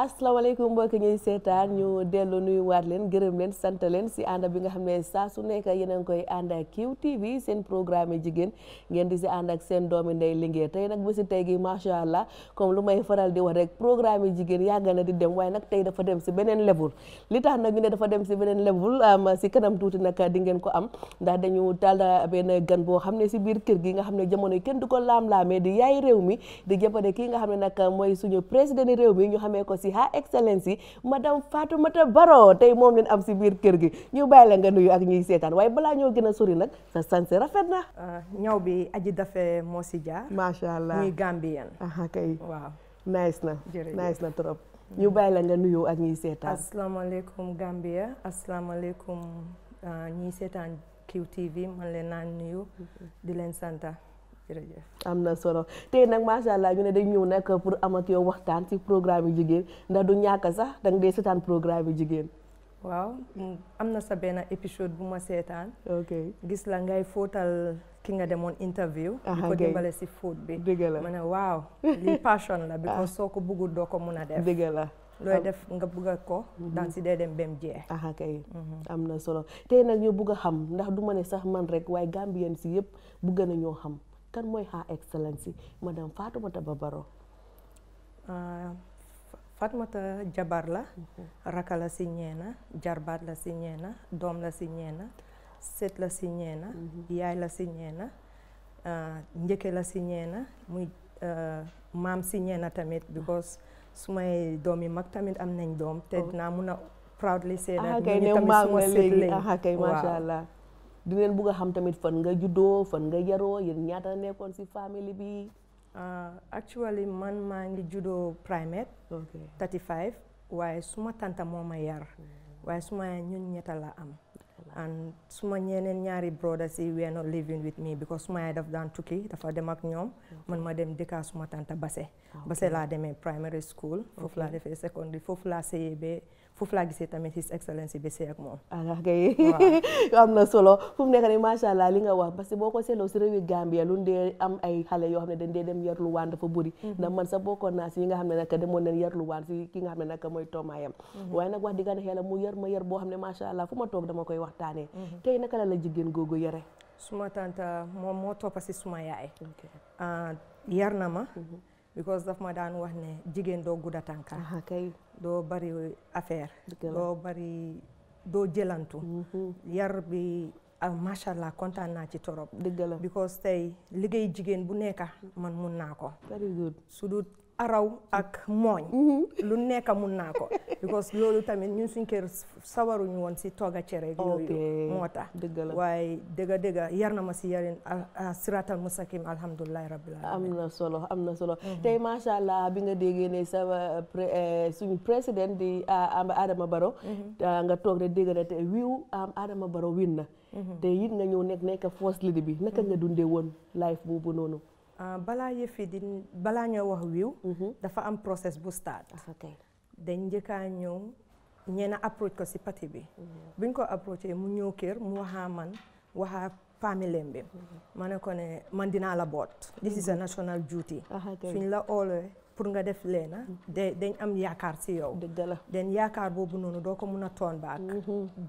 asalaamaaleykum mbokk ñuy seetaan ñu dellu nuyu waat leen leen sant leen si ànd bi nga xam ne saa su nekk a ngi koy ànd ak QTV seen programme jigéen ngeen di si ànd ak seen doomi ndey liggéey tey nag bési tey gi macha allah comme lu may faral di wax rek na di dem waaye nag tey dafa dem si beneen level li tax nag ñu ne dafa dem si beneen level am si kanam tuuti nag di ngeen ko am ndax dañu taal benn gan boo xam ne si biir kër gi nga xam ne jamono kenn du ko laam-laamee di yaay réew mi di jàppale kii nga xam ne nag mooy suñu président Her excellency yi madame Fatoumata baro tay mom len am ci bir keur gi ñu bayla nga nuyu ak ñuy sétane waaye bala ñoo gëna a sori nag sa sansé rafet na ah, ñaw bi aji dafe moo si jaar sha allah ñi Gambien aha kay waaw nice na nice na trop ñu bayla nga nuyu ak ñuy assalamu alaykum Gambia alaykum ah, ñuy sétane QTV man len na nuyu di len santa am na solo tey nag macha allah ñu ne dañ ñëw nag pour am ak yow waxtaan ci programme yu jigéen ndax du ñàkk sax da nga dee programme yu jigéen. waaw am na sa benn épisode bu ma seetaan. gis la ngay fóotal ki nga demoon interview. Ah, di ko dimbale si la ma waaw lii la. because soo ko bëggul doo ko mun a def. la. looy def nga bëgg a ko. Mhm. dans si dee dem bem jeex. aha kay mhm. am na solo xam ndax du ma sax man rek waaye Gambien si yëpp bugg na ñoo xam. kan moy ha Excellency madame Fatoumata Barrow ah, Fatoumata jabar la mhm. raka la si ñeena jarbat la si ñeena dom la si ñeena set la si ñeena mhm. yaay la si ñeena ah, njëkke la si ñeena muy ah, mam si ñeena tamit because sumay domi mak tamet tamit am nañ dom, te oh. naa proudly say that ñu tamit suma sët lañ machallah dinañ bëgg a xam tamit fan nga juddoo fan nga yaroo yéen ñaata nekkoon si family bi. Uh, actually man maa ngi juddoo primate. ok 35 waaye suma tante moo ma yar. waaye suma ñun ñetta la am. and suma ñeneen ñaari brothers yi are not living with me because suma yaay daf daan tukki dafa dem ak ñoom man ma dem dëkkaa suma tante Basse. Basse laa demee primary school. foofu laa defee secondary foofu laa seeyee foofu laa gisee tamit His Excellency bi see ak moom. alors ah, kay am na solo fu mu nekk nii allah li nga wax parce que boo ko seetloo si réewi lu dee am ay xale yoo xam ne dañ dee dem yarlu waan mm-hmm. si ki nga xam ne nag mooy toomaayam. Mm-hmm. waaye nag wax di ne xelam yar ma yar boo xam ne macha allah fu ma toog dama koy waxtaanee. Mm-hmm. tey naka la la jigéen yare suma tante moo toppa si suma yaay. Ah, yar na ma. because daf ma daan wax ne jigéen doo gudda tànka doo bari affaire doo bari doo jëlantu mhm. yar bi ah, macha allah kontaan naa ci torop dëgg la because tey liggéey jigéen bu nekka man mun naa ko araw ak mooñ mhm. lu nekk mun naa ko because loolu tamit ñun suñ kër sawaruñu woon si togga cere yooyu moo tax waaye dëgga dëgga yar na ma si yarin siratal musakim alhamdulilahi rabbil la am na solo am na solo mhm. tey macha allah bi nga déggee ne sama euh, euh, suñu président di Adama Barrow mhm. nga toog rek dégg na te wiiw Adama Barrow win na te it nga ñëw nekk nekk force leader bi naka nga dundee woon life boobu noonu Euh, balaa yëf yi di balaa ñoo wax wiw mhm. dafa am process bu start dañ njëkkaa ñëw ñeena approach ko si pati bi mhm. buñ ko approché mu ñëw kër mu waxaa man waxaa famille bi mhm. ma ne ko ne man dinaa la boot this is a national duty suñ la oolee pour nga def leena de dañ am yaakaar si yow den yaakaar boobu noonu doo ko mun a toon baak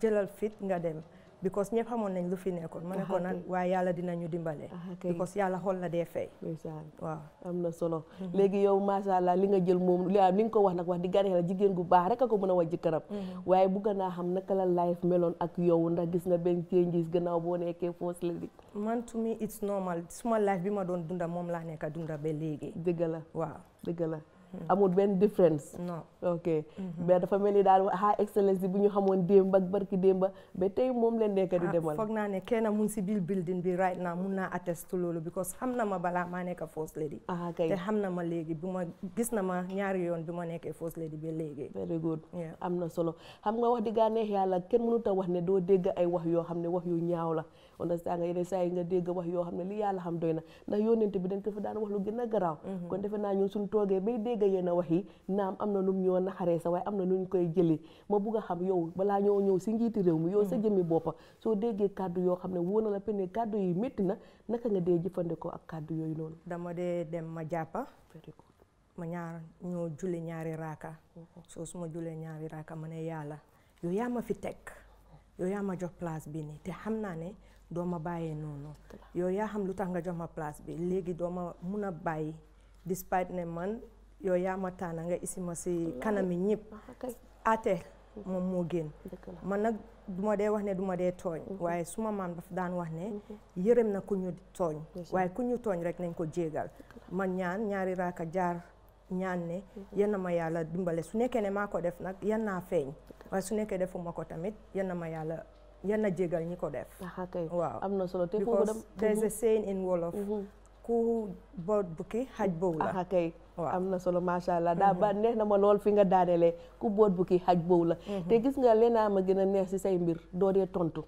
jëlal fit nga dem because ñëpp xamoon nañ lu fi nekkoon ma ne ko waaye yàlla dinañu dimbale because yàlla xool la dee fey fay waaw am na solo mhm. léegi yow macha li nga jël moom li nga ko wax nag wax di gane la jigéen gu baax rek a ko mën a wàjji jikkaram mhm. waaye bugg naa xam naka la life meloon ak yow ndax gis nga benn changes gannaaw boo nekkee foos la di man to me it's normal suma life bi ma doon dunda moom laa nekk dunda ba léegi dëgg la waaw dëgg la Hmm. amul benn différence. non ok mhm. mais dafa mel ni daal ha excellence bu ñu xamoon démb ak barki démb ba tey moom leen nekk di ah, demal. foog naa ne kenn mun si biir building bi right naa mun naa attest loolu because xam na ma balaa maa nekk first lady. ah kay te xam na ma léegi bu ma gis na ma ñaari yoon bi ma nekkee first lady ba léegi. very good am na solo xam nga wax di gaa neex yàlla kenn mënut a wax ne doo dégg ay wax yoo xam ne wax yu ñaaw la. understand nga yeneen saa yi nga dégg wax yoo xam ne li yàlla xam doy na ndax yónnent bi dañ ko fi daan wax lu gën a garaaw mhm. kon defe naa ñun suñ toogee bay dégg yenn wax yi naam am na num ñoo naxaree sa waaye am na nuñ koy jëlee ma bugg a xam yow balaa ñoo ñëw si njiiti réew mi yow sa mhm. jëmmi boppa soo déggee kàddu yoo xam ne wóor na la pene kàddu yi métti na naka nga dee jëfandikoo ak kàddu yooyu noonu dama dee dem ma jàppa ma ñaar ñoo jule ñaari raaka mhm. soo ma jullee ñaari raaka ma ne yàlla yow yaa ma fi teg yow yaa ma jox place bi nii te xam naa ne doo ma bàyyee noonu yow yaa xam lu tax nga jox ma place bi léegi doo ma mun a bàyyi despite ne man yow yaa ma tànn nga isi ma si yi ñëpp ah, ate moom moo génn man nag duma dee wax ne duma dee tooñ mhm. waaye suma maam daf daan wax ne mhm. yërëm na ku ñu tooñ waaye ku ñu tooñ rek nañ ko jéegal man ñaan ñaari raaka jaar ñaan ne mhm. yan na ma yàlla dimbale su nekkee ne maa ko def nag yan naa feeñ waaye su nekkee defuma ko tamit yal ma yàlla yal na jégal ñi ko def. waaw am na solo te foofu dem mhm. ku boot bukki xaj boobu la. waaw am na solo macha allah daa mhm. ba neex na ma lool fi nga daanelee ku boot bukki xaj boobu la. Mhm. te gis nga lenaa ma gën a neex si say mbir doo dee tontu.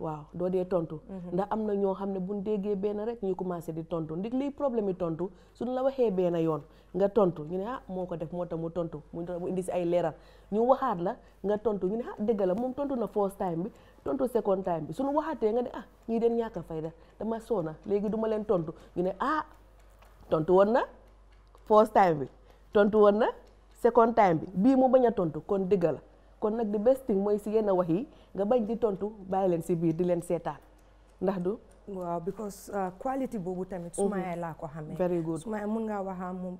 waaw doo dee tontu. Mhm. ndax am na ñoo xam ne bu buñ déggee benn rek ñu commencé di tontu ndig liy problème yi tontu suñ la waxee benn yoon nga tontu ñu ne ah moo ko def moo tax mu tontu mu indi si ay leeral ñu waxaat la nga tontu ñu ah, dëgg la moom tontu na first time bi tontu second time bi waxaatee nga ne ah ñii den ñàkk a fayda dama soona léegi duma leen tontu ñu ne ah tontu woon na first time bi tontu woon na second bi bii mu bañ a tontu kon dëgg la kon nag the best thing mooy si yenn wax yi. nga bañ di tontu bàyyi leen si biir di leen seetaan ndax du. waaw because uh, quality boobu tamit. suma mhm. yaay laa ko xamee. very good suma yaay mun ngaa waxaa moom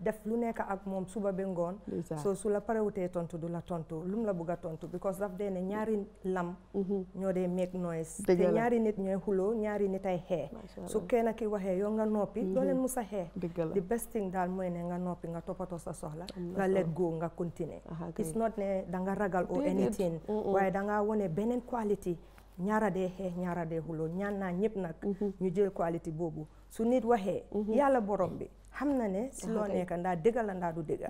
def lu nekk ak moom suba ba ngoon. so su la parewutee tontu du la tontu lum la bugg a tontu because daf dee ne ñaari lam. Mhm. ñoo dee make noise. te ñaari nit ñooy xuloo ñaari nit ay xee. su kenn ki waxee yoo nga noppi. doo leen mhm. musa xee. the best thing daal mooy ne nga noppi nga toppatoo sa soxla. nga let go nga continuer. it's not ne danga ragal or anything. waaye da ngaa wone beneen quality. ñaara dee xeex ñaara dee xuloo ñaan naa ñëpp nag mhm. ñu jël qualité boobu su nit waxee mhm. yàlla borom bi xam na ne si loo nekk ndaa dëgga la ndaa du dëgga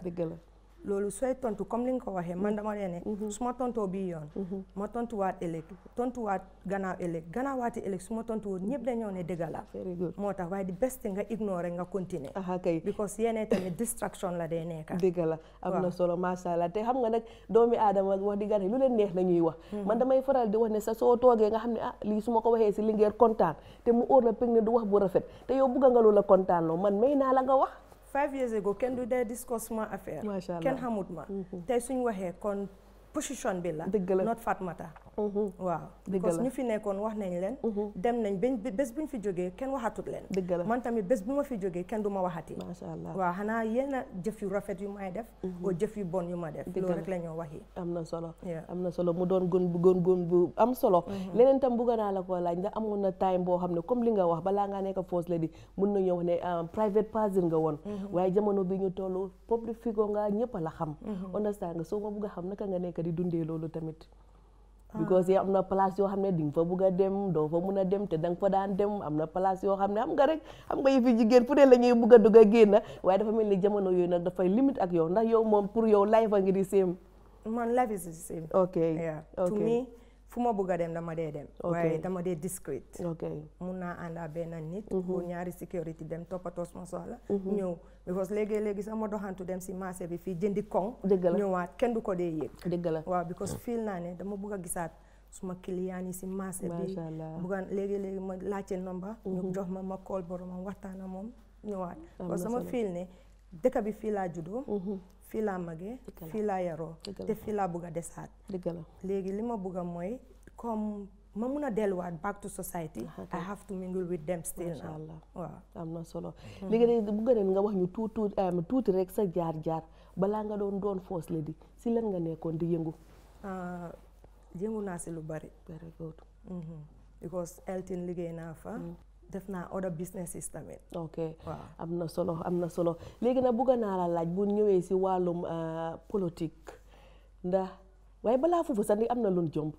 loolu sooy tontu comme li nga ko waxee man dama leen ne mhm. su ma tontoo bii yoon mhm. ma tontuwaat ëllëg tontuwaat gannaaw ëllëg gannaawaati ëllëg su ma tontuwoo ñëpp dañoo ne dëgg la moo tax waaye di best nga ignorer nga continuer aha kay because yéene tamit distraction la day nekk dëgg la am solo macha allah te xam nga nag doomi aadama wax di gane lu leen neex nañuy wax mhm. man damay faral di wax sa soo toogee xam ne ah lii su ma ko waxee si lingeer kontaan te mu óor la pig ne du wax bu rafet te yow bugga nga loola kontaan loo man may naa la nga wax five years kenn du dee discuss ma affaire. macha allah kenn xamut ma. Mhm. tey suñu waxee kon. position bi la. dëgg la not Fatmata. Mm-hmm. waaw because ñu fi nekkoon wax nañ leen. Mm-hmm. dem nañ ba bés bu ñu fi jógee kenn waxatut leen. dëgg man tamit bés bu ma fi jógee kenn du ma waxati. macha allah waaw xanaa yéen a jëf yu rafet yu may def. Mm-hmm. oo jëf yu bon yu ma def. loolu rek la ñoo wax yi. am na solo am na solo mu doon gën bu gën gën bu am solo. leneen tam bëgg naa la ko laaj nga amoon na time boo xam ne comme li nga wax balaa ngaa nekk first lady mun nañoo wax ne euh, private person nga woon. waaye jamono bi ñu toll public nga la a di dundee loolu tamit ah. because am na place yoo xam ne di nga fa bugg a dem doo fa mun a dem te da nga fa daan dem am na place yoo xam ne xam nga rek xam nga yëfi jigéen fu de la ñuy bugg a dugg a génn waaye dafa mel ni jamono yooyu nag dafay limite ak yow ndax yow moom pour yow life a ngi same man life is the same ok Fuma buga dem dama de dem. waaye dama de discreet okay. muna anda ànd nit mm nit. bu ñaari security dem toppatoo suma soxla. ñëw mhm. because legue legue sama dohantu dem si marché bi fi jëndi kong dëgg ken kenn du ko la wa because feel nane, ne dama gisat, gisat suma client yi si marché bi bugan legue legue ma laccé number ñu mhm. jox ma ma call borom waxtana mom moom parce sama feel ne deka bi fii laa fii laa magee fii laa yaroo te fii laa bugg a desaat dëgg la léegi li ma bugg a mooy comme ma mun a delluwaat back to society I have to mingle with them still macha allah waaw am na solo hmm. léegi de bugg neen nga wax ñu tuuti tuuti rek sa jaar jaar balaa nga doon doon foos la di si lan nga nekkoon di yëngu ah, yëngu naa si lu bari mm-hmm. because Elton liggéey naa fa hmm. def naa other businesses tamit. ok am na solo am na solo léegi nag bëgg naa la laaj bu ñëwee si wàllum euh, politique ndax waaye balaa foofu sax ni am na lu jomb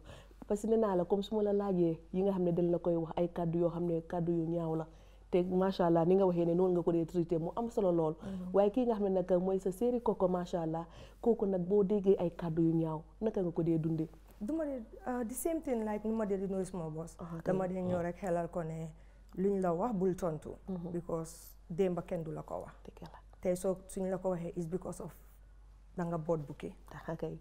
parce que nee naa la comme suma la laajee yi nga xam ne dañ la koy wax ay kàddu yoo xam ne kàddu yu ñaaw la te macha allah ni nga waxee ne noonu nga ko dee traité mu am solo lool. Mhm. waaye kii nga xam ne nag mooy sa séeri ko macha allah kooku nag boo déggee ay kàddu yu ñaaw naka nga ko dee dundee. du ma dee euh, the same thing like di nuyu sama boss. Ah, dama dee ñëw ah. rek xelal ko ne. ñu la wax bul tontu. Mhm. because démba kenn du la ko wax. te soo suñ la ko waxee is because of danga boot bukki.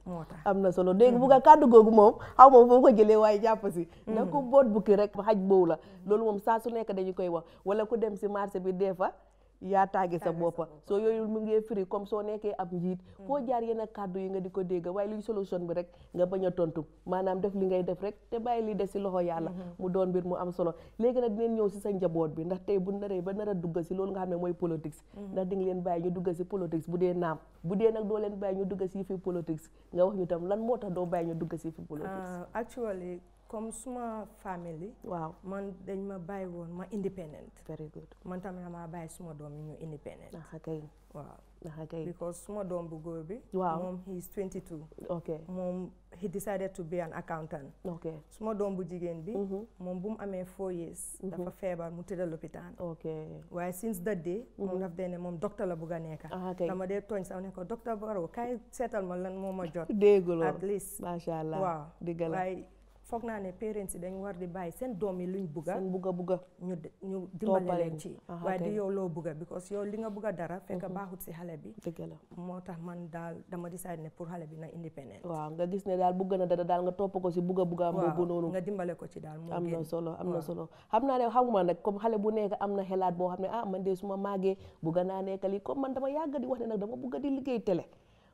moo tax am na solo dégg bu nga kàddu googu moom xaw ma foo ko jëlee waaye jàpp si. Mhm. na ku boot bukki rek xaj boobu la. Mhm. loolu moom saa su nekk dañu koy wax wala ku dem si marché bi dee fa. yaa tàgge sa boppa soo yooyu mu ngee firi comme soo nekkee ab njiit mm. foo jaar yenn kàddu yi nga di ko dégg waaye luy solution bi rek nga bañ a tontu maanaam def li ngay def rek te bàyyi li def si loxo yàlla mm-hmm. mu doon mbir mu am solo léegi nag dinañ ñëw si sa njaboot bi ndax tey bu naree ba nar a si loolu nga xam ne mooy politics mm-hmm. ndax di leen bàyyi ñu dugga si politics bu dee naam bu dee nag doo leen bàyyi ñu dugga si fi politics nga wax ñu tam lan moo tax doo bàyyi ñu dugga si fi politics uh, actually comme suma famille. waaw man dañ ma bàyyi woon ma independent. very good man tamit damaa bàyyi suma doom yi ñu independent. naxa kay waaw naxa kay. because suma doom bu góor bi. waaw moom he is 22. ok moom he decided to be an accountant. ok suma doom bu jigéen bi. Mhm. moom bu mu amee four years. Mhm. dafa feebar mu tëdd lopitaan. ok waaye since that day. Mhm. moom daf dee ne moom docteur la bugg a nekka. naxa ah, kay dama dee tooñ sax ne ko docteur Barrow kaay seetal ma lan moom ma jot. dégguloo at least macha allah waaw. foog naa ne parents yi dañu war di bàyyi seen doom yi luñ bugga seen bugga bugga ñu ñu dimbale leen ci waaye di yow loo bugga because yow li nga bugga dara fekk mhm. baaxut si xale bi la moo tax man daal dama décide ne pour xale bi na independent waaw nga gis ne daal bugga na dara daal nga topp ko si bugga bugga boobu noonu nga dimbale ko ci daal mu am na solo am na solo xam naa ne xamuma nag comme xale bu nekk am na xelaat boo xam ne ah man de ma màggee bugga naa nekk lii comme man dama yàgg di wax ne nag dama bugga di liggéey télé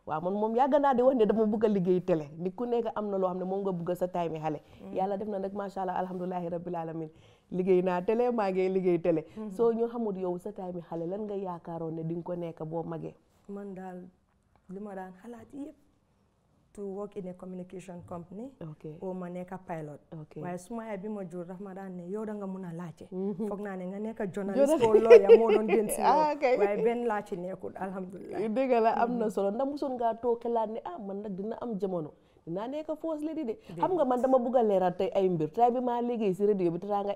waaw man moom yàgg naa di wax ne dama bëgg a liggéey télé ni ku nekk am na loo xam ne moom nga bëgg sa taay mi xale mm. yàlla def na nag macha allah alhamdulilahi rabbil alamin liggéey naa télé maa ngi liggéey télé mm-hmm. soo ñu xamul yow sa taay mi xale lan nga yaakaaroon ne dinga ko nekk boo magee man daal li ma daan xalaat yëpp to work in a communication company. ok oo pilot. ok waaye suma yaay bi ma jur dafa ma daan ne yow da nga mun a laajte. Mhm. naa ne nga nekk journalist ko lawyer moo doon gën si yow. Ah, waaye benn laajte nekkul am na mhm. solo ndax mosoon ngaa toog xalaat ne ah man nag dina am jamono. dinaa nekk first lady de. xam nga man dama bugg a leeral tey ay mbir tey bi maa liggéey si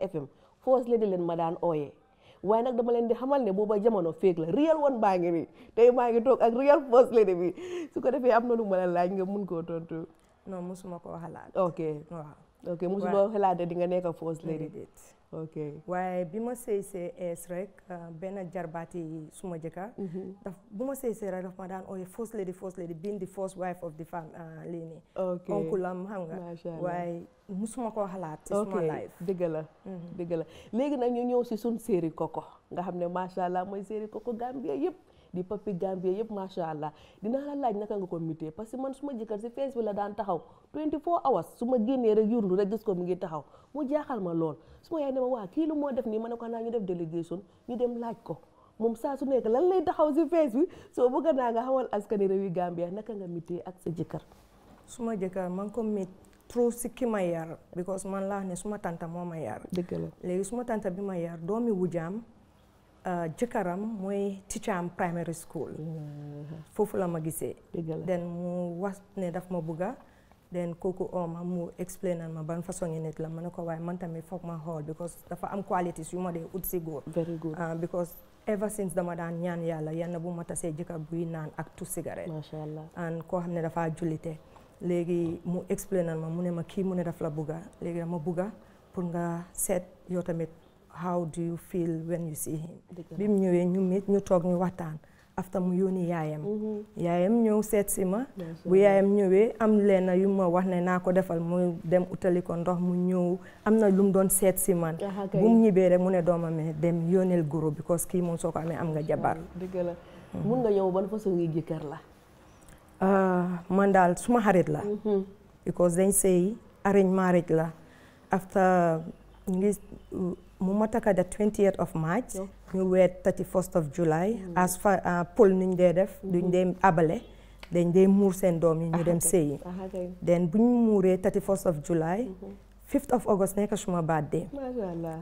FM first lady leen ma daan ooyee. waaye nag dama leen di xamal ne booba jamono feeg la real one baa ngi nii te baa ngi toog ak real first lady bi su ko defee am na lu ma la laaj nga mun koo tontu. non musuma koo xalaat. ok waaw ok musuma koo xalaat di nga nekk first lady. ok waaye bi ma sëy see ees rek ah, benn jarbaati suma jëkkër mhm. daf bu ma sëy rek daf ma daan ooye first lady first lady being the first wife of the fam ah, lii nii oncle am xam nga waaye musuma koo xalaat ci suma dëgg la mhm. dëgg la léegi nag ñu ñëw si suñ série ko nga xam ne macha allah mooy ko Coco Gambia yëpp di papi Gambie yëpp macha allah dina la laaj naka nga ko muté parce que man su ma jëkkër si Facebook la daan taxaw 24 hours su ma génnee rek yurlu rek gis ko mu ngi taxaw mu jaaxal ma lool su ma yaay ne ma moo def nii ma ne ko naa ñu def délégation ñu dem laaj ko moom saa su nekk lan lay taxaw si fees bëgg naa nga xamal askani réew yi Gambia naka nga mitee ak sa jëkkër suma jëkkër man ko mit trop si ki ma yar because man laa ne suma tanta moo ma yar dëgg léegi suma tanta bi ma yar doomi wujaam Euh, jëkkëram mooy teacher am primary school foofu la ma gisee den mu wax ne daf ma bugga den kooku ooma oh, mu explain ma ban façon ngi nit la ma ne ko waaye man tamit foog ma xool because dafa am qualities yu ma dee ut si góor ah, because ever since dama daan ñaan yàlla yan na bu ma tasee jëkkër buy naan ak tu cigarette macha allah an koo xam ne dafa jullite léegi mu explainal ma mu ne ma kii mu ne daf la bugga léegi dama bugga pour nga seet yoo tamit how do you feel when you see him bi mu ñëwee ñu mit ñu toog ñu waxtaan after mu yónni yaayam mm-hmm. yaayam ñëw seet si ma bu yaayam ñëwee am lenn yu ma wax ne naa ko defal mu dem utali ko ndox mu ñëw am na lu mu doon seet si ma ah, bu mu ñibbee rek mu ne doomam ne dem yónneel goro because kii moom soo ko amee am nga jabar mm, dëgg la mm. mun nga ah, man daal suma xarit la mm-hmm. because dañ sëy arrange marriage la after ngi mu mataka the 20th of March ñu weer 31st of July mm-hmm. as fa uh, pël nuñ dee def mm-hmm. duñ dee abale dañ dee muur seen doom yi ñu dem sëyi den bu ñu muuree 31st of July mm-hmm. 5th of August nekk suma birthday.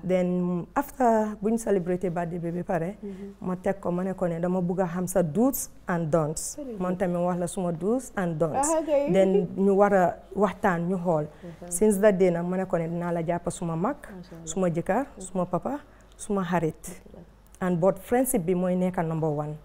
then after bu ñu celebrate birthday bi ba pare. Mm-hmm. ma teg ko ma ne ko ne dama bugg a xam sa do's and don'ts. man tamit wax la suma do's and don'ts. Ah, then ñu war a waxtaan ñu xool. Mm-hmm. since that day nag ma ne ko ne dinaa la jàpp suma mag. suma jëkkër suma papa suma xarit. and but friendship bi mooy nekk number one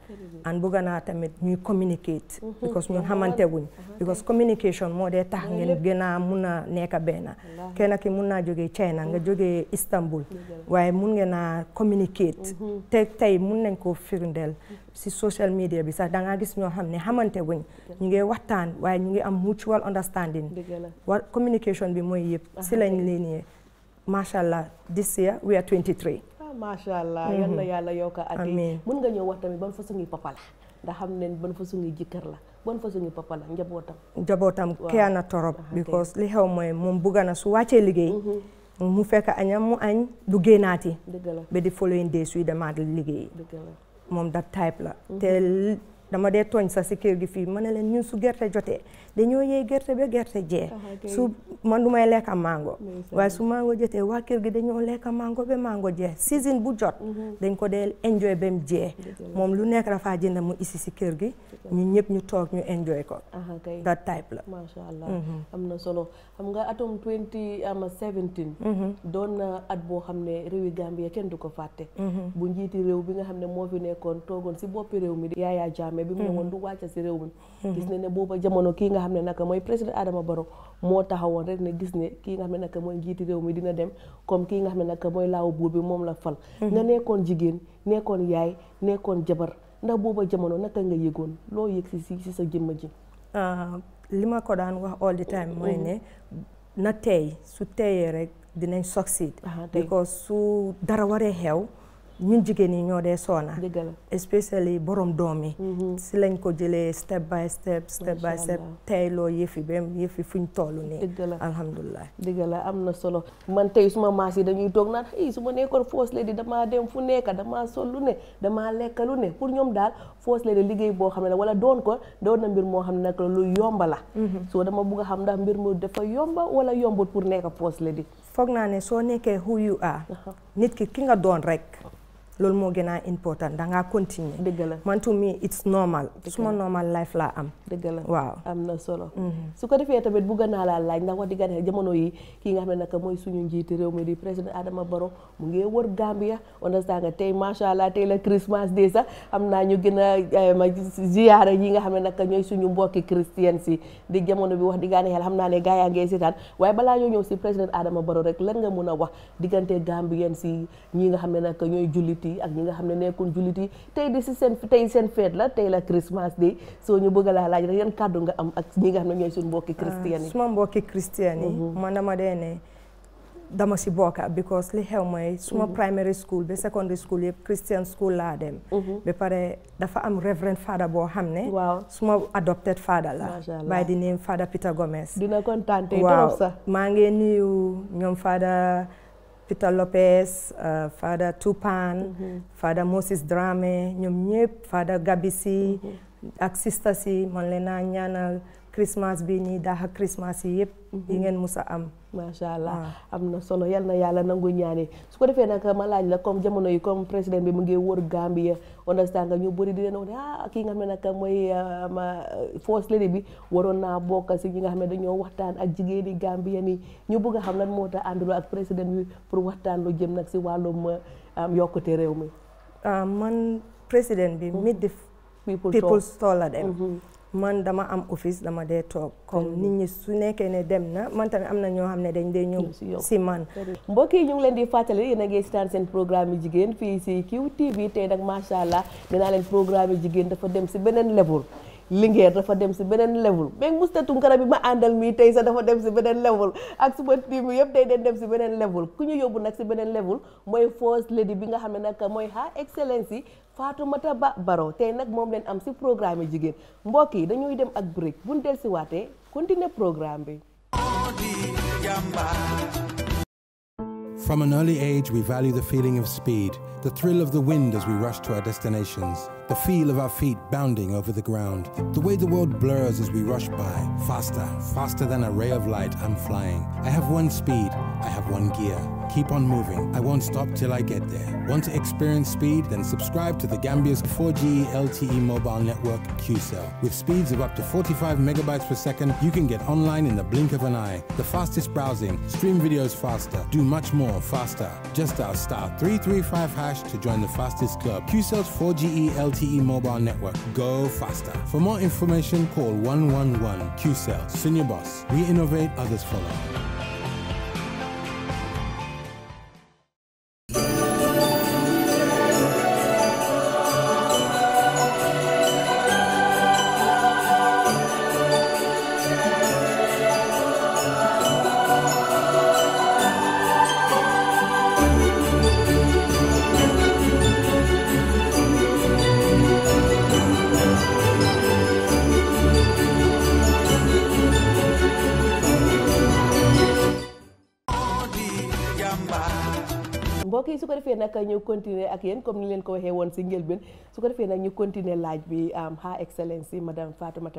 and bëgg naa tamit ñuy communicate mm-hmm. because ñun xamante wuñ because communication moo dee tax ngeen gën a mun a nekk benn kenn ki mun naa jógee China nga mm. jogee Istanbul waaye mun ngeen a communicate mm-hmm. te tey mun nañ koo firndeel si social media bi sax dangaa gis ñoo xam ne xamante wuñ ñu ngi waxtaan waaye ñu ngi am mutual understanding wa communication bi mooy yëpp si lañ leen macha allah this year we are macha allah mm-hmm. yal na yàlla yow ko at yi mën nga ñëw wax tamit ban façon ngi papa la ndax xam ne ban façon ngi jikkër la bon fa suñu papa njabootam njabootam kee na torop ah, because li xew mooy moom bugga na su wàccee liggéey mm-hmm. mu fekk añam mu añ du génnaati ba di following day suy demaat liggéey moom that type la mm-hmm. te dama dee tooñ sax si kër gi fii ma ne leen ñun su gerte jotee dañoo yee gerte ba gerte jee su man du may lekka mango waaye su mango jotee waa kër gi dañoo lekka mango ba mango jee season bu jot mhm. dañ ko dee enjoy ba mu jee moom lu nekk dafaa jënd mu isi si kër gi ñun ñëpp ñu toog ñu enjoy ko that type la macha allah mhm. am na solo xam nga atum 2017 mhm. doon na at boo xam ne réewi Gambie kenn du ko fàtte bu njiiti réew bi nga xam ne moo fi nekkoon toogoon si boppi réew mi Yaya Jammeh bi mu ñëwoon mm-hmm. du wàcc si réew mi mm-hmm. gis ne ne booba jamono kii nga xam ne naka mooy président Adama Barrow moo taxawoon rek ne gis ne kii nga xam ne naka mooy njiiti réew mi dina dem comme ki nga xam ne naka mooy laaw buur bi moom la fal mm-hmm. nga nekkoon jigéen nekkoon yaay nekkoon jabar ndax booba jamono naka nga yëgoon loo yëg si si sa jëmma ji ah, li ma ko daan wax all the time mooy ne na teey su teeyee rek dinañ succeed because su dara waree xew ñun jigéen yi ñoo dee soona especially borom doom yi mm-hmm. si lañ ko jëlee step by step step by step tey loo yëfi fu yëfi fuñ toll nii alhamdulilah dëgg la am na solo man tey suma maas yi dañuy toog naan i su ma nekkoon first lady damaa dem fu nekk dama sol lu ne damaa lekk lu ne pour ñoom daal first lady liggéey boo xam ne la wala doon ko doon na mbir moo xam ne nag lu yomba la mm-hmm. soo dama bugg a xam ndax mbir mu dafa yomba wala yombut pour nekk first lady foog naa ne soo nekkee who you uh-huh. ki ki doon rek loolu moo gën a important da ngaa continuer. dëgg la man to me it's normal. suma normal life laa am. dëgg la waaw am na solo. Mhm. su ko defee tamit bëgg naa laa laaj ndax wax dëgg yàlla jamono yi kii nga xam ne nag mooy suñu njiiti réew mi di président Adama Barrow mu ngi wër Gambia understand nga tey macha allah tey la Christmas day am naa ñu gën a eh, ma ziyaara yi nga xam ne nag ñooy suñu mbokki christian si di jamono bi wax dëgg yàlla xam naa ne gaa yaa ngi seetaan waaye balaa ñoo ñëw si président Adama Barrow rek lan nga mun a wax diggante Gambien si ñi nga xam ne nag ñooy julliti yi ak ñi nga xamne nekkun julit yi tay di ci sen tay sen fête la tay la Christmas day So ñu bëgg la laaj rek yeen cadeau nga am ak ñi nga xamne ñoy ñooy suñu christian yi ah, suma mbokk christian yi mhm. man dama ne dama ci boka because li xew moy suma mhm. primary school be secondary school yeb christian school la dem mhm. Be pare dafa am reverend father bo xamne suma adopted father la by the name father Peter Gomez dina kontaan trop ça ma ngeen nuyu ñom father Peter Lopez uh, Fada Tupan mm-hmm. Fada Moses Dramé ñoom ñëpp Fada Gabisi mm-hmm. ak sista si man leen naa Christmas bi ñuy daax ak Christmas yi yëpp mhm. yi ngeen mus a am macha allah ah. am na solo yal na yàlla nangu ñaani su ko defee nag ma laaj la comme jamono yi comme président bi mu ngi wër Gambia understand nga ñu bëri di leen wax ne ah, kii nga xam ne nag mooy ah, ma first lady bi waroon naa bokk si ñi nga xam ne dañoo waxtaan ak jigéen bi Gambia nii ñu bëgg a xam lan moo tax ànduloo ak président bi pour waxtaan lu jëm nag si wàllum yokkute réew mi. man président bi. Mhm. meet the people stall la dem. man dama am office dama dee toog comme nit ñi su nekkee ne dem na man tamit am na ñoo xam ne dañ dee ñëw si man mbokk yi ñu ngi leen di fàttali yéen a ngi seetaan seen programme yu jigéen fii si QTV tey nag macha allah dinaa leen programme yu jigéen dafa dem si beneen level Linguère dafa dem si beneen level mais Moussa Tunkara bi ma àndal mii tey sax dafa dem si beneen level ak suma team bi yëpp day den dem si beneen level ku ñu yóbbu nag si beneen level mooy first lady bi nga xam ne nag mooy ha excellence yi Ba Baro am programme yi dañuy dem ak break continuer programme bi. From an early age, we value the feeling of speed. The thrill of the wind as we rush to our destinations, the feel of our feet bounding over the ground, the way the world blurs as we rush by, faster, faster than a ray of light, I'm flying. I have one speed, I have one gear. Keep on moving, I won't stop till I get there. Want to experience speed? Then subscribe to the Gambia's 4G LTE mobile network QCell. With speeds of up to 45 megabytes per second, you can get online in the blink of an eye. The fastest browsing, stream videos faster, do much more faster. Just our star 335 high to join the fastest club. QCell's 4GE LTE mobile network. Go faster. For more information, call 111 QCell. Senior Boss. We innovate, others follow. ñëw continuer ak yéen comme ni leen ko waxee woon si njëlbeen su ko defee nag ñu continuer laaj bi am um, ha excellence yi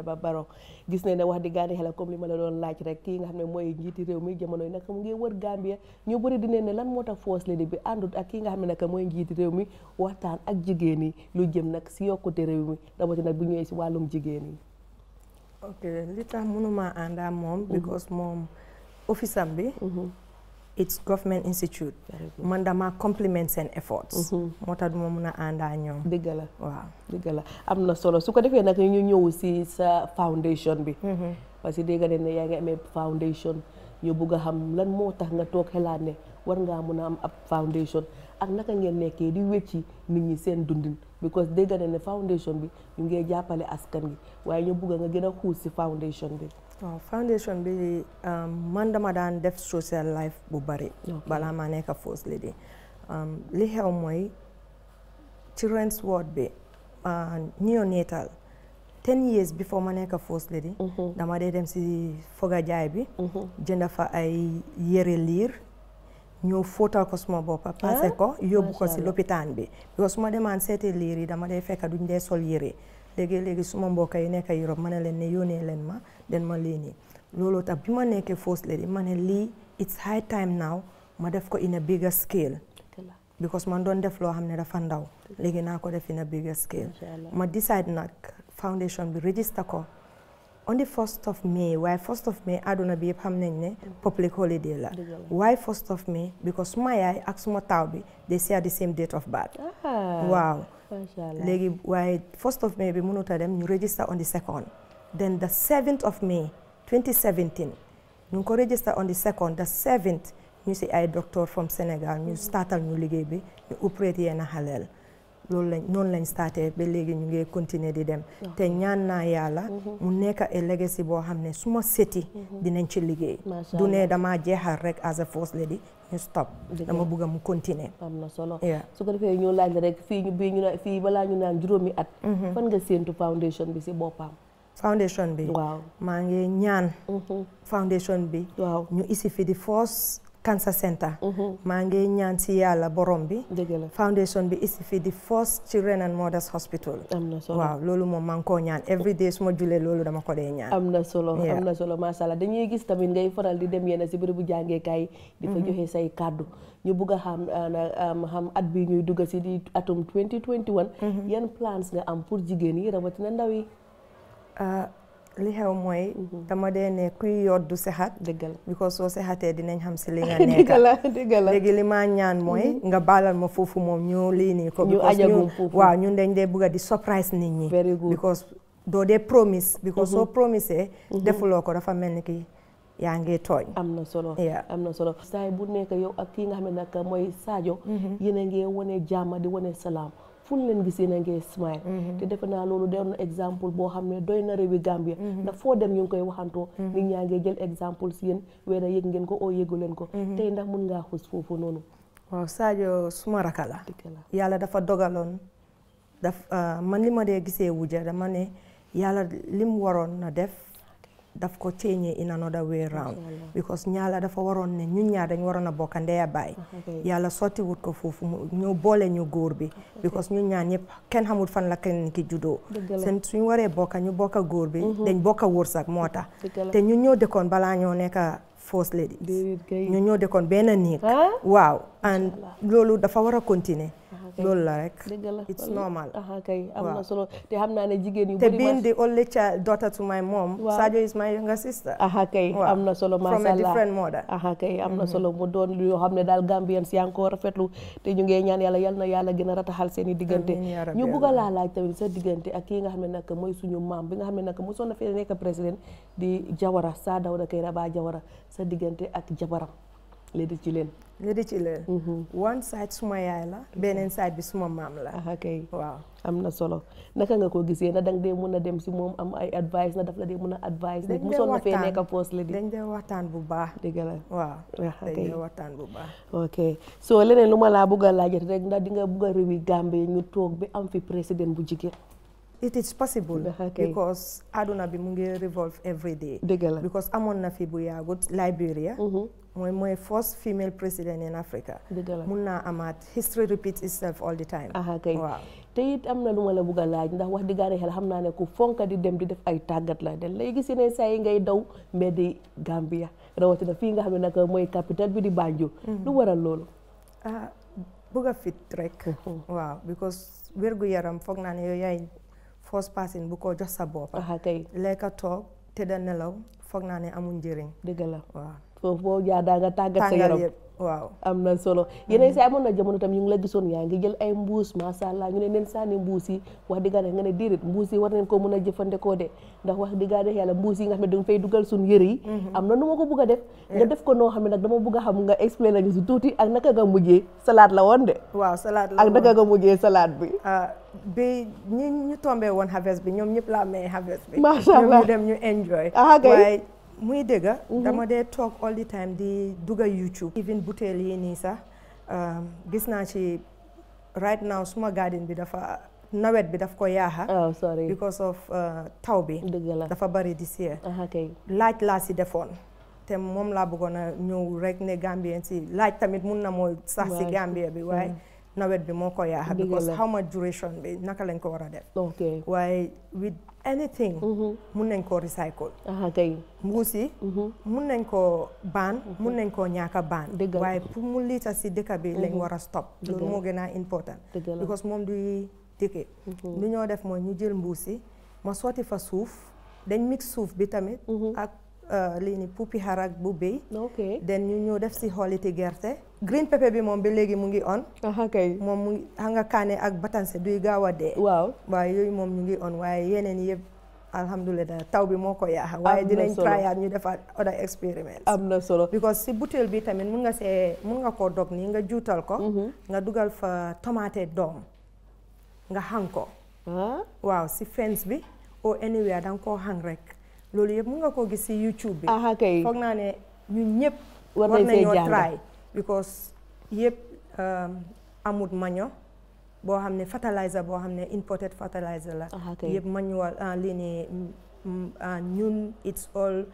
Ba Barrow gis ne ne wax di gaani xela comme li ma la doon laaj rek kii nga xam ne mooy njiiti réew mi jamono yi nag mu ngi wër Gambia ñu bëri lan moo tax force lady bi àndut ak xam ne nag mooy njiiti réew mi waxtaan ak jigéen yi lu jëm nag si yokkute réew mi rawatina nag bu ñëwee si wàllum jigéen yi ok li tax mënuma àndaa moom mm-hmm. because moom office am bi mm-hmm. it's government institute. man dama compliment seen efforts. Mm-hmm. moo tax duma mun a àndaa ñoom. dëgg la waaw dëgg la am na solo su ko defee nag ñu ñëw si sa foundation bi. Mm-hmm. parce que dégg ne yaa ngi amee foundation ñu bugg a xam lan moo tax nga toog xelaat ne war ngaa mun a am ab foundation ak naka ngeen nekkee di wecci nit ñi seen dundin. because dégg na ne foundation bi ñu ngi jàppale askan gi waaye ñu bugg nga gën a xuus si foundation bi. waaw foundation bi um, man dama daan def social life bu bari. balaa maa nekk foos lady um, li xew mooy children's ward bi uh, neonatal ten years before ma nekk first lady. Mhm. dama dee dem si foga jaay bi. Mhm. jënd fa ay yére liir. ñëw fóotal ko suma boppa ah, paase ko yóbbu ko si loppitaan bi because su ma demaan seeti liir yi dama day fekk duñ dee sol yére léegi léegi suma mbokk yi nekk Europe ma ne leen ne yónnee leen ma den ma lii nii looloo tax bi ma nekkee first lady ma ne lii it's high ma def ko in a bigger scale because man doon def loo xam ne dafa ndaw léegi naa ko def in a bigger scale ma decide nag foundation bi register ko on the first of May waaye first of May àdduna bi yëpp xam nañ ne public holiday la waaye first of May because suma yaay ak suma taaw bi they share the same date of birth ah, waaw léegi waaye first of May bi mënuta dem ñu register on the second then the seventh of May 2017 ñu ngi ko register on the second the seventh ñu si ay docteur from Sénégal ñu startal ñu liggéey bi ñu operate yenn xaleel loolu lañ noonu lañ starté ba léegi ñu ngi continuer di dem te ñaan naa yàlla mhm. mu nekk a legacy boo xam ne suma seti mhm. dinañ ci liggéey du ne dama jeexal rek as a first lady ñu stop dama bëgg mu continuer am na solo ko defee ñu laaj rek fii ñu bii ñu fii balaa ñu naan juróomi at mhm. fan nga séentu foundation bi si boppam foundation bi waaw maa ngi ñaan foundation bi waaw ñu isi fi di force cancer center. Mm-hmm. maa ngi ñaan si yàlla borom bi. foundation bi is fi di first children and mothers hospital. am na solo waaw loolu moom maa ngi koo ñaan every day su ma julee loolu dama ko dee ñaan. am na solo am na solo macha allah dañuy gis tamit ngay faral di dem yenn si bu jàngeekaay. di fa mm-hmm. joxe say kàddu. ñu bugg a xam uh, um, xam at bi ñuy dugg si di atum 2021. Mm-hmm. yan plans nga am pour jigéen yi rawatina ndaw yi. Uh, li xew mooy mhm. dama dee ne kuy yoddu sexat dëgg la because soo seexatee dinañ xam si li nga nekk la léegi li maa ñaan mooy mhm. nga baalal ma foofu moom ñoo lii nii ko waaw ñun dañ dee bëgga di surprise nit ñi because doo dee promise because soo mhm. promisee defuloo ko dafa mel ni ki yaa ngi tooñ am na solo am na solo saay bu nekk yow ak kii nga xam ne nag mooy Sadio yéen a ngi wane di wane salaam fu ñu leen gisee na ngay smile mhm. te defe naa loolu de na exemple boo xam ne doy na réewi Gambia mhm. ndax foo dem ñu ngi koy waxantoo mhm. nit ñaa ngi jël exemple si yéen weena yëg ngeen ko oo yëgu leen ko tey ndax mun ngaa xus foofu noonu waaw su ma raka la yàlla dafa dogaloon daf ah, man li ma dee gisee wuja dama ne yàlla lim waroon na def daf ko change in another way round because ñaala dafa waroon ne ñun ñaar dañ waroon a bokk ndeya baay ah, yàlla sotti wut ko foofu ñu boole ñu góor bi ah, because ñun ñaar ñëpp kenn xamul fan la kenn ki juddoo seen suñ waree bokka ñu bokka góor bi mhm. dañ bokka wërsëg moo tax te ñun ñoo dekkoon balaa ñoo nekka first ladies ñu ñoo dëkkoon benn néeg ah? waaw and loolu dafa war a continuer Ah, loolu la rek it's normal ah, kay am na solo xam naa ne jigéen yu bëri te being the only child daughter to my mom Sadio is my younger sister ah, kay am na solo masha Allah a am na solo mu doon yoo xam ne daal Gambians yaa ngi ko rafetlu te ñu ngee yàlla yal na yàlla gën a rataxal seen i diggante ñu bugg a laa ak kii nga xam ne nag mooy suñu maam bi nga xam ne nag mosoon na fee nekk président di Jawara Saa Dawda Kairaba Jawara sa diggante ak jabaram léegi ci leen nga di ci lël mhm. one side suma yaay la beneen side bi suma maam la waaw am na solo naka nga ko gisee na danga dee mun a dem si moom am ay advice na daf la dee mun a advice nag mu sonn fee nekk poos la di dañ dee waxtaan bu baax dëgg la waaw dañ waxtaan bu baax ok soo leneen lu ma laa bëgg a laajati rek ndax di nga bëgg a réwi Gambie ñu toog bi am fi président bu jigéen it is possible because I don't have revolve every day Degala. because amoon na fi bu Liberia mooy mhm. mooy first female president in Africa Muna Muna amat history repeats itself all the time aha okay. Wow. te it amna na lu ma la bugg laaj ndax wax di gare ne ku fonka di dem di def ay tagat la del legi sine say ngay daw medi Gambia na fi nga xam nak moy capital bi di Banjo. Mm-hmm. lu waral loolu ah buga fit rek mm-hmm. Wow, because wergu yaram foog naa ne force passing bu ko jox sa bopp. ah tey lekka toog te da nelaw foog naa ne amul njëriñ. dëgg la waaw. foofu a jaar daa nga tàggat sa yaram waaw am na solo yeneen saa amoon na jamono tam ñu ngi la gisoon yaa ngi jël ay mbuus macha allah ñu ne neen sànni mbuus yi wax diggaa nga ne déedéet mbuus yi war nañ ko mën a jëfandikoo de ndax wax diggaa def yàlla mbuus yi nga xam ne danga fay dugal suñu yëre yi mm-hmm. am na nu ko bëgg a def nga def ko noo xam a nga expliqué lañu si tuuti ak naka nga mujjee salade la woon de waaw la ak naka nga mujjee salade bi ah, bi ñu tombé woon harvest bi ñu dem muy dëgga mhm. dama dee toog all the time di dugga YouTube even butéel yi nii sax um, gis naa ci right now suma garden bi dafa nawet bi daf ko yaaxa oh, sorry because of uh, taw bi dafa bari di seer laaj laa si defoon te moom laa bëggoon a ñëw rek ne Gambien si laaj tamit mun na moo sax si Gambia bi waaye nawet bi moo ko yaaxa because how much duration bi naka lañ ko war a def waaye anything. Mm-hmm. mun nañ koo recycle. tey mbuus yi. Mm-hmm. mun nañ koo baan mm-hmm. mun nañ koo ñàkk a baan. waaye pour mu liita si dëkk bi lañ war a stop. loolu moo gën a important. because moom du dëkke. lu ñoo def mooy ñu jël mbuus yi ma sotti fa suuf dañ mix suuf bi tamit. ak Euh, lii ni pupi xar ak bu béy den ñu ñëw def si xooliti gerte green pepper bi moom ba léegi mu ngi on kay moom mu ngi xam ak batanse duy gaaw a dee waaw waaye yooyu moom ñu ngi on waaye yeneen yëpp alhamdulilah taw bi moo ko yaaxa waaye dinañ trayaat ñu defaat other experiment am na solo because si butéel bi tamit mun nga see mun nga koo dog nii nga juutal ko mm-hmm. nga dugal fa tomate doom nga xang ko ah. waaw si fence bi o anywhere danga koo xang rek loolu yëpp mun nga koo gis si YouTube bi. ah kay foog naa ne ñun ñëpp. war nañoo try because yëpp um, amut maño boo xam ne fertilizer boo xam ne imported fertilizer la. yëpp manual ah, lii nii mm, mm, ah, ñun it's all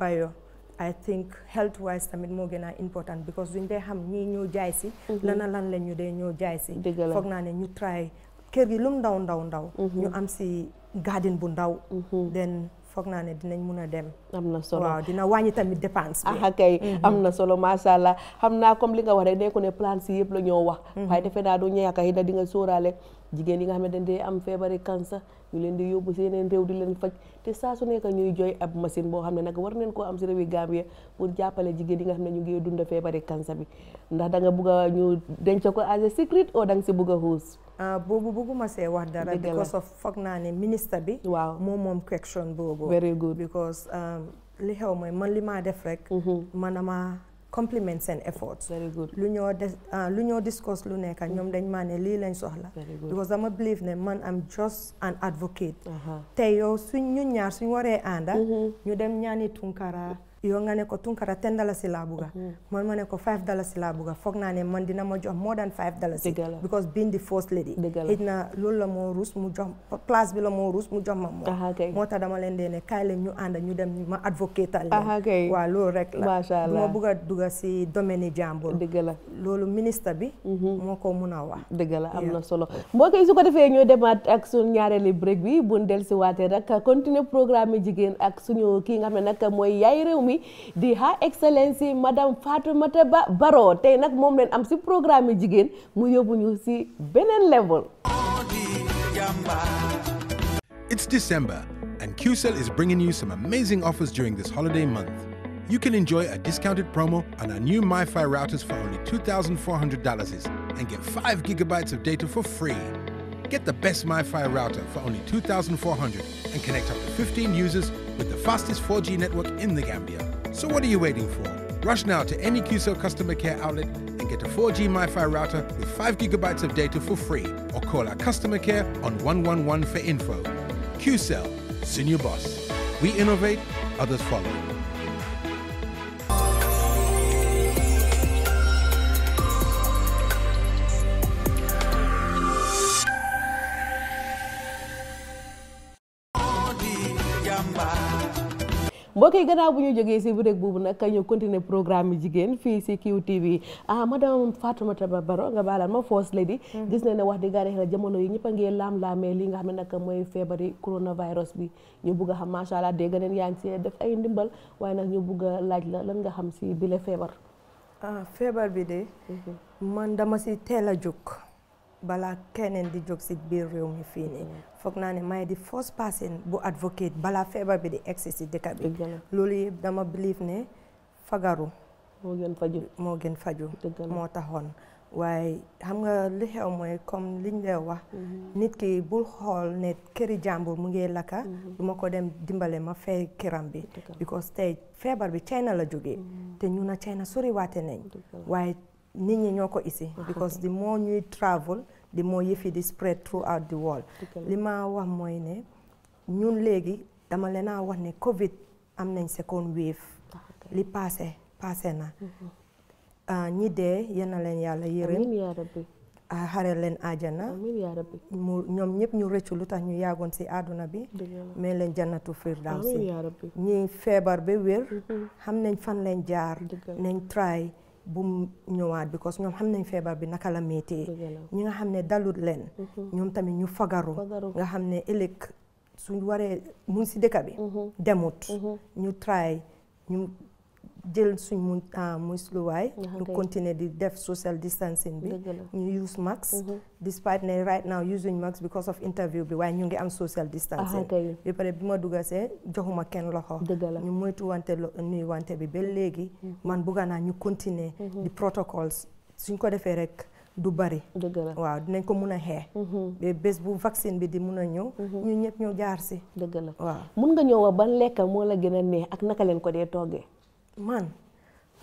bio. I think health wise tamit moo gën a important because duñ dee xam ñii ñoo jaay si. Mhm. lana lan la ñu dee ñoo jaay si. foog naa ne ñu try kër gi lum ndaw ndaw ndaw. Mhm. ñu am si garden bu ndaw. Mhm. then foog naa ne dinañ mun a dem. am na solo dina wàññi tamit dépense bi. Ah, kay mhm. am na solo macha allah xam naa comme li nga wax rek nekku ne plan si yëpp la ñoo wax. Mhm. waaye defe naa du ñàkk a di nga sóoraale jigéen yi nga xam ne dañ am feebari cancer. ñu leen di yóbbu si yeneen réew di leen faj te saa su nekk ñuy jooy ab machine boo xam ne nag war neen koo am si réewi Gambie pour jàppale jigéen yi nga xam ne ñu ngi dunda feebari cancer bi ndax da nga bugg a ñu denc ko as a secret o da nga si bugg a xuus ah, boobu bugguma see wax dara because of foog naa ne ministre bi waaw moom moom question boobu very good because um, li xew mooy man li maa def rek mm-hmm. man ama compliments seen efforts. very good lu ñoo des ah, lu ñoo discuss lu nekk mm. ñoom dañ maa lii lañ soxla. because dama believe ne man am just an advocate. Uh-huh. te yow suñ ñu ñaar suñ waree ànda. Mm-hmm. ñu dem ñaani tunkara. yow nga ne ko tunkara ten dalasi laa bugga man mhm. ma ne ko five dalasi laa bugga foog naa ne man dina ma jox more than five dalasi because being the first lady xëy na loolu la moo rus jox bi la moo ma moom moo tax dama leen dee ne kaay leen ñu ànd ñu dem ma advocate leen waaw loolu rek la a dugga si domaine jàmbur dëgg la loolu ministre bi mhm. moo ko mun a wax dëgg la am na solo mbokk su ko defee ñoo demaat ak suñu ñaareeli break bi buñ dellusiwaatee nag continuer programme jigéen muy di Madame Fatoumata am programme mu ñu level. It's December and QCell is bringing you some amazing offers during this holiday month. You can enjoy a discounted promo on our new MiFi routers for only $2,400 and get 5 gigabytes of data for free. Get the best MiFi router for only $2,400 and connect up to 15 users with the fastest 4G network in the Gambia. So what are you waiting for? Rush now to any QCell customer care outlet and get a 4G MiFi router with 5 gigabytes of data for free or call our customer care on 111 for info. QCell, senior boss. We innovate, others follow. mbokk yi gannaaw bu ñu jógee si bu rek boobu nag ñu continuer programme bi jigéen fii si ma ah madame Fatoumata Baro nga baalal ma foos la di gis ne ne wax di gaare la jamono yi ñëpp a ngee laam-laamee li nga xam ne nag mooy feebari coronavirus bi ñu bugg a xam macha allah dégg neen yaa ngi si def ay ndimbal waaye nag ñu bugg laaj la lan nga xam si bile feebar ah feebar bi de mm-hmm. man dama si teel a jóg balaa keneen di jóg si biir réew mi fii nii mm. foog naa ne may di first person bu advocate balaa feebar bi di egsi si dëkk bi loolu yëpp dama believe ne fagaru moo gën faju moo gën taxoon waaye xam nga li xew mooy comme liñ lay wax mm-hmm. nit ki bul xool ne këri jàmbur mu ngi lakka mm-hmm. du ma ko dem dimbale ma fay kiram bi because tey feebar bi China la jógee mm-hmm. te ñu na China soriwaate nañ waaye nit ñi ñoo ko isi because the more ñuy travel di moo yëfi di spread throughout the world li ma wax mooy ne ñun léegi dama leen a wax ne covid am nañ second wave li paase paase na mhm. ah, ñi dee yal leen yàlla yërëm ah, xare leen àjjana mu ñoom ñëpp ñu rëccu lu tax ñu yàggoon ci àdduna bi mais leen jannatu firdawsi ñi feebar bi wér mhm. xam nañ fan leen jaar nañ try bu mu ñëwaat because ñoom xam nañ feebar bi naka la méttee ñi nga xam ne dalut leen mhm. ñoom tamit ñu fagaru nga xam ne ëllëg su waree mu si dëkk bi mhm. demut mhm. ñu try ñu jël suñ mu ah, musluwaay ñu continuer di def social distancing bi ñu use max mm-hmm. despite ne right now using max because of interview bi waaye ñu ngi am social distancing bi pare bi ma dugasee joxuma kenn loxo ñu moytu wante lo nuy wante bi ba léegi mm-hmm. man bugga naa ñu continuer mm-hmm. di protocols suñ ko defee rek du bari waaw dinañ ko mun a xee ba bés bu vaccine bi di mun a ñëw ñu ñëpp ñëw jaar si dëgg la waaw mun nga ñëw wax ban lekka moo la gën a neex ak naka leen ko dee toggee man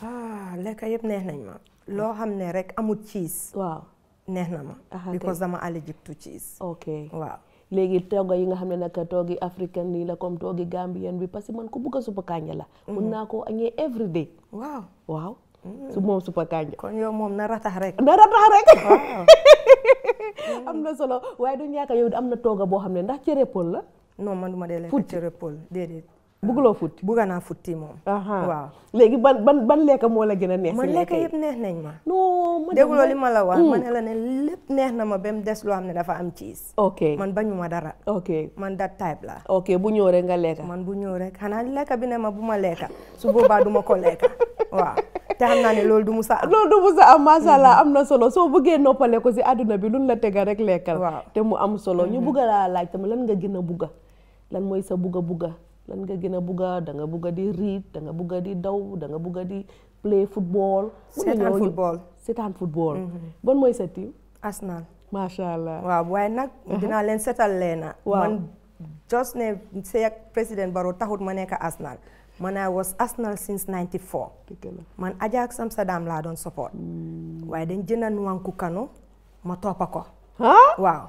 ah lekk yëpp neex nañ ma loo xam ne rek amut cheese. waaw na ma. because dama allergic to cheese. ok waaw. léegi togga yi nga xam ne nag toogi africain nii la comme toogi gambien bi parce que man ko bugg a suppa la. Mm-hmm. mun naa koo añee every day. waaw waaw. Mm-hmm. su moom suppa kanja. kon yow moom na ratax rek. na ratax rek. am na solo waaye du ñàkk yow am na tooga boo xam ne ndax cere pol la. non man duma dee lekk cere pol déedéet. bugguloo futti bugga naa futti moom. waaw léegi ban ban ban lekk moo la gën a neex. man lekk yëpp neex nañ ma. non ma dégguloo ma la mm. ma ne la ne lépp neex na ma ba des loo xam ne dafa am cheese. ok man bañu ma dara. ok man that type ok bu ñëw rek nga lekk. man bu ñëw rek xanaa lekk bi ne ma bu ma lekk su boobaa duma ko lekk waaw. te xam naa ne loolu du musa am loolu am macha mm. am na solo soo bëggee noppalee ko si àdduna bi lu luñ la tega rek lekkal. te mu am solo ñu mm-hmm. bëgg laa laaj tamit lan nga gën a bugga lan mooy sa bëgg bugga lan nga gën a bugga da nga bugga di read da bugga di daw da nga bugga di play football. seetaan football seetaan football. Mhm. bon mooy sa team. Arsenal. macha waaw waaye nag. dinaa leen setal leena. waaw man just ne seeg président Barrow taxut ma nekk Arsenal. man I was Arsenal since 94. man Ajax Amsterdam laa doon support. Hmm. waaye dañ jënd Nwankwo ma toppa ko. waaw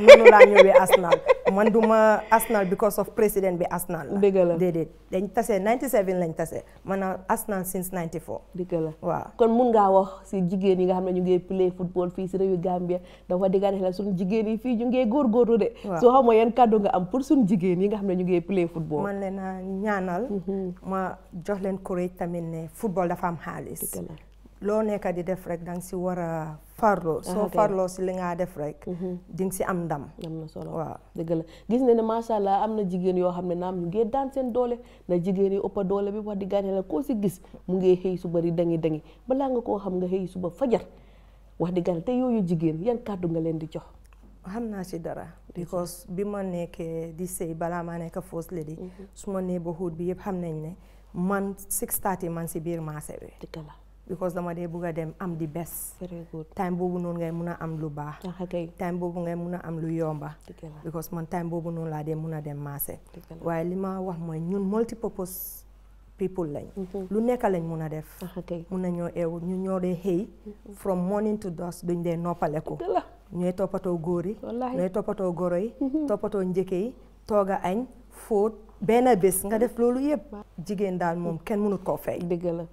noonu laa ñëwee Arsenal man du ma Arsenal because of président bi Arsenal la. dëgg la déedéet dañ tase 97 lañ tase maanaam Arsenal since 94. dëgg la waaw kon mun ngaa wax si jigéen yi nga xam ne ñu ngi play football fii si réewu Gambia dafa digga suñu jigéen yi fii ñu ngi góorgóorlu de. waaw soo xamoo yan kàddu nga am pour suñu jigéen yi nga xam ne ñu ngi play football. man leen a ñaanal. Mm-hmm. ma jox leen courage tamit ne football dafa am xaalis. Lo nekk di def rek dang si wara farlo ah, so okay. farlo si li nga def rek mhm. dinga si am ndam am na solo wa dëgg la gis ne ne macha allah am na jigéen yoo ne ñu ngi daan sen doole na jigen yi doole bi wax di la ko ci gis mu ngi xëy su bari dangi dangi balaa nga ko xam nga su suba fajar wax di gàne te yoyu jigen yan kaddu nga len di jox xamna ci dara because bi ma di sey bala ma nekk first lady mhm. su ma neighborhood bi yeb xamnañ ne man six man si bir ma bi because dama dee bugg a dem am di bes time boobu noonu ngay mun a am lu baax time boobu ngay mun a am lu yomba because man time boobu noonu laa dee mun a dem marché waaye li ma wax mooy ñun multipurpose people lañ mhm. lu nekk lañ mun a def mun na ñoo eew ñu ñoo dee xëy mhm. from morning to dusk dañ dee noppale ko ñooy toppatoo góor yi ñooy toppatoo goro yi mhm. toppatoo njëkke yi tooga añ fóot benn bés nga def loolu yëpp jigéen daal moom kenn mënut koo fay dëgg la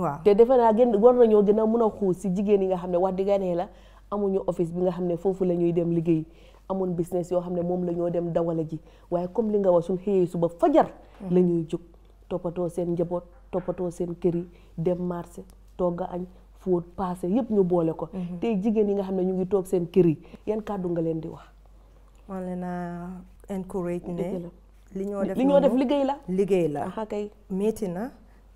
waaw te defe naa gën war nañoo gën a mën a xuus si jigéen yi nga xam ne wax dëgg la amuñu office bi nga xam ne foofu la ñuy dem liggéey amoon business yoo xam ne moom lañoo dem dawale ji waaye comme li nga wax suñ xëyee suba fajar hmm. la ñuy jóg toppatoo seen njaboot toppatoo seen kër yi dem marché togg añ fóot paase yëpp ñu boole ko hmm. tey jigéen yi nga xam ne ñu ngi toog seen kër yi yan kàddu nga leen di wax man leen a encourage ne li ñoo def liggéey la liggéey la métti na